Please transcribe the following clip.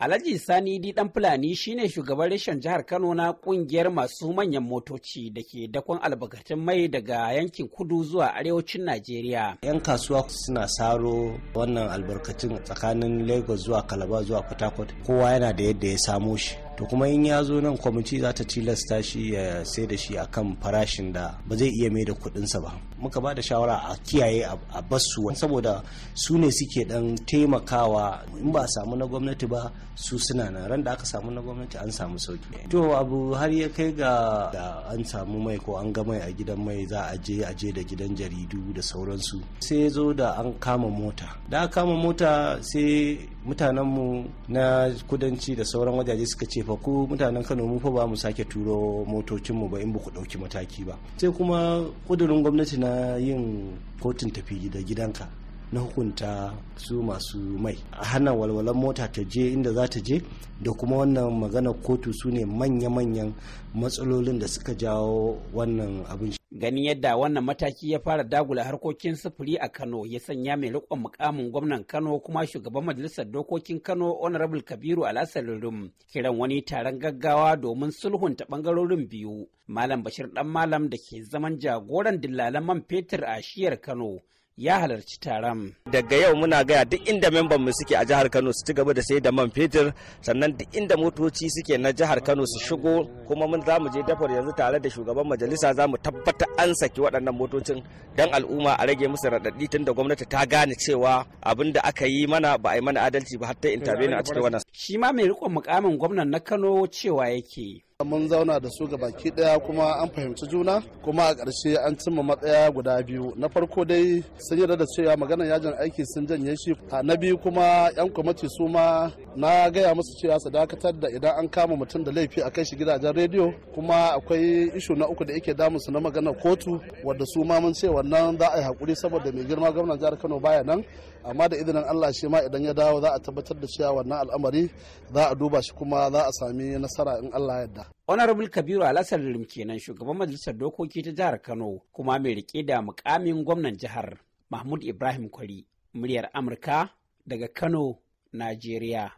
Alhaji Sani Di Dan Fulani shine shugaban reshen jihar Kano na kungiyar masu manyan motoci da ke dakon albarkatun mai daga yankin kudu zuwa arewacin Najeriya. Yan kasuwa suna saro wannan albarkatun tsakanin Lagos zuwa Calabar zuwa Port Harcourt. Kowa yana da yadda ya samo shi. to kuma in ya zo nan kwamiti za ta tilasta shi ya sai da shi akan farashin da ba zai iya mai da kuɗinsa ba muka ba da shawara a kiyaye a basu saboda su ne suke dan taimakawa in ba a samu na gwamnati ba su suna nan ran da aka samu na gwamnati an samu sauki to abu har ya kai ga da an samu mai ko an ga mai a gidan mai za a je a je da gidan jaridu da sauransu sai zo da an kama mota da kama mota sai mutanenmu na kudanci da sauran wajaje suka ce fa ku mutanen kano mu fa ba mu sake turo motocinmu ba in ba ku ɗauki mataki ba sai kuma kudurin gwamnati na yin kotun tafi da gidanka na hukunta su masu mai a hana walwalan mota ta je inda za ta je da kuma wannan magana kotu su ne manya-manyan matsalolin da suka jawo wannan abin shi. ganin yadda wannan mataki ya fara dagula harkokin sufuri a kano ya sanya mai rikon mukamin gwamnan kano kuma shugaban majalisar dokokin kano honorable kabiru alasalurum kiran wani taron gaggawa domin sulhunta ɓangarorin biyu malam bashir dan malam da ke zaman jagoran dillalan man fetur a shiyar kano ya halarci taron. Daga yau muna gaya duk inda memban mu suke a jihar Kano su ci gaba da sai da man fetur sannan duk inda motoci suke na jihar Kano su shigo kuma mun za mu je dafar yanzu tare da shugaban majalisa za mu tabbata an saki waɗannan motocin don al'umma a rage musu raɗaɗi tun da gwamnati ta gane cewa abin da aka yi mana ba a yi mana adalci ba har ta intervene a cikin wannan. Shi ma mai riƙon mukamin gwamnan na Kano cewa yake. mun zauna da su ga baki daya kuma an fahimci juna kuma a ƙarshe an cimma matsaya guda biyu na farko dai sun yarda da cewa magana yajin aiki sun janye shi na biyu kuma yan kwamati su ma na gaya musu cewa su dakatar da idan an kama mutum da laifi a kai shi gidajen rediyo kuma akwai ishu na uku da yake damun su na maganar kotu wadda su ma mun ce wannan za a yi hakuri saboda mai girma gwamnan jihar Kano baya nan amma da izinin Allah shi ma idan ya dawo za a tabbatar da cewa wannan al'amari za a duba shi kuma za a sami nasara in Allah yarda Honorable Kabiru Alassar kenan shugaban majalisar dokoki ta jihar Kano kuma mai rike da mukamin gwamnan jihar Mahmud Ibrahim Kwari muryar Amurka daga Kano, Najeriya.